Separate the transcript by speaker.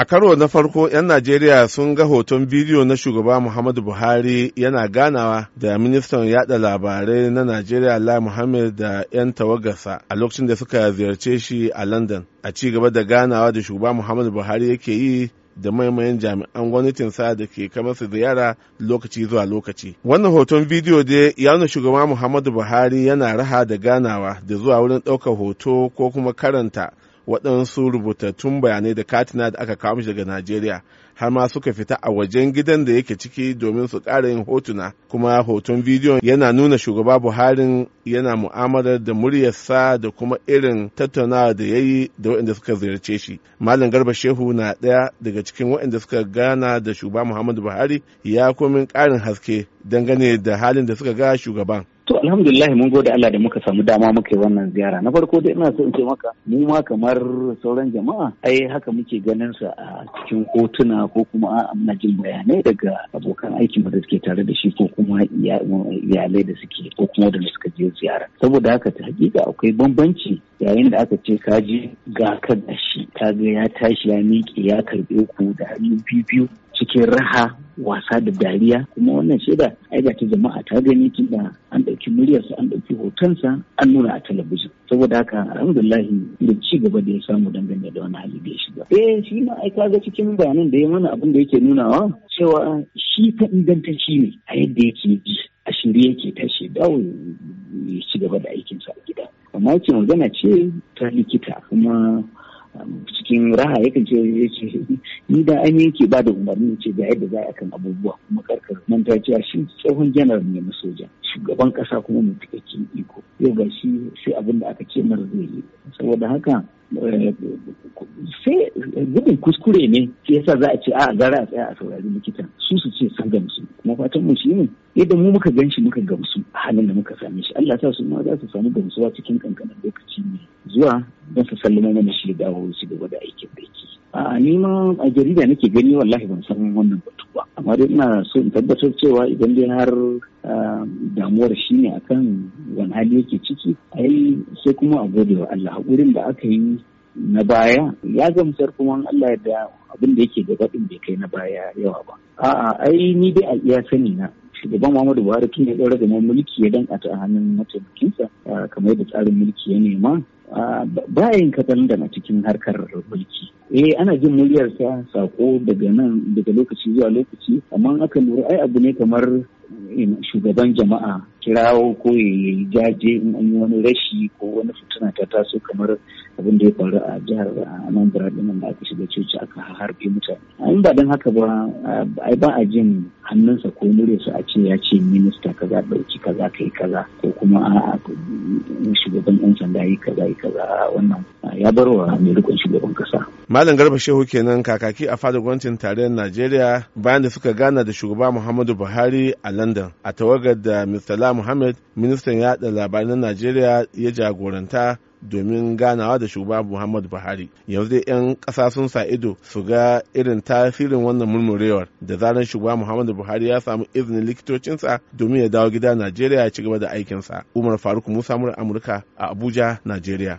Speaker 1: A karo na farko, 'yan Najeriya sun ga hoton bidiyo na shugaba Muhammadu Buhari yana ganawa da ministan yada labarai na Najeriya Lai Muhammad da 'yan tawagarsa a lokacin da suka ziyarce shi a London. A ci gaba da ganawa da shugaba Muhammadu Buhari yake yi da maimayin jami'an gwamnatin sa da ke kama su ziyara lokaci zuwa lokaci. Wannan hoton bidiyo da ya nuna shugaba Muhammadu Buhari yana raha da ganawa da zuwa wurin ɗaukar hoto ko kuma karanta waɗansu rubutattun bayanai da katina da aka kawo daga najeriya har ma suka fita a wajen gidan da yake ciki domin su ƙara yin hotuna kuma hoton bidiyon yana nuna shugaba Buhari yana mu'amalar da muryarsa da kuma irin tattaunawa da ya yi da waɗanda suka ziyarce shi malam garba shehu na ɗaya daga cikin waɗanda suka gana da shugaba muhammadu buhari ya komin ƙarin haske dangane da halin da suka ga shugaban
Speaker 2: To alhamdulillah mun gode Allah da muka samu dama muka yi wannan ziyara. Na farko dai ina so in ce maka mu ma kamar sauran jama'a ai haka muke ganin sa a cikin hotuna ko kuma muna jin bayanai daga abokan aikin da suke tare da shi ko kuma iyalai da suke ko kuma da suka je ziyara. Saboda haka ta hakika akwai bambanci yayin da aka ce ka je ga ka da shi ka ga ya tashi ya miƙe ya karɓe ku da hannu biyu cikin raha wasa da dariya kuma wannan shaida ai ga ta jama'a ta gani tunda an ɗauki muryarsa an ɗauki hotonsa an nuna a talabijin saboda haka alhamdulillahi da ci gaba da ya samu dangane da wani hali da ya shiga eh shi ma ai kaga cikin bayanan da ya mana abin da yake nunawa cewa shi ta inganta shi ne a yadda yake ji a shirye yake tashe shaida ya ci gaba da aikinsa a gida amma yake magana ce ta likita kuma cikin raha yakan ce ce ni da an yanke ba da umarni ce ga yadda za a kan abubuwa kuma karkar nan ta ce shi tsohon janar ne na soja shugaban kasa kuma mai cikakken iko yau ga shi sai abin da aka ce mara zai yi saboda haka eh, sai gudun kuskure ne ke yasa za a ce a gara a tsaya a saurari likita su su ce sun gamsu kuma fatan mu shi ne? yadda mu muka ganshi shi muka gamsu a halin da muka same shi Allah ta su ma za su samu gamsuwa cikin kankanin lokaci ne zuwa don sallama mana shi da dawo su gaba da aikin da yake a ni ma a jarida nake gani wallahi ban san wannan batu ba amma dai ina so in tabbatar cewa idan dai har damuwar shi ne akan wani hali yake ciki ai sai kuma a gode wa Allah hakurin da aka yi na baya ya gamsar kuma Allah da abin da yake gaba din bai kai na baya yawa ba a'a ai ni dai a iya sani na shugaban Muhammadu Buhari tun ya ɗaura da mulki ya danƙata a hannun mataimakinsa kamar da tsarin mulki ya nema bayan kaɗan da na cikin harkar mulki eh ana jin muryar muryarsa sako daga nan daga lokaci zuwa lokaci amma aka lura ai abu ne kamar shugaban jama'a kirawo ko ya yi jaje in an yi wani rashi ko wani fituna ta taso kamar abin da ya faru a jihar anambra din da aka shiga coci aka harbe mutane in ba don haka ba ai ba a jin hannunsa ko su a ce ya ce minista kaza ɗauki kaza ka yi kaza ko kuma a shugaban yan sanda yi kaza yi kaza wannan ya bar wa mai rikon shugaban kasa.
Speaker 1: Malam Garba Shehu kenan kakaki a fadar gwamnatin tarayyar Najeriya bayan da suka gana da shugaba Muhammadu Buhari a London a tawagar da Mr. La Muhammad ministan yaɗa labaran Najeriya ya jagoranta domin ganawa da shugaba muhammadu buhari yanzu dai 'yan ƙasa sun sa ido su ga irin tasirin wannan murmurewar da zaran shugaba muhammadu buhari ya samu izinin likitocinsa domin ya dawo gida najeriya ya ci gaba da aikinsa umar faruk musa amurka a abuja najeriya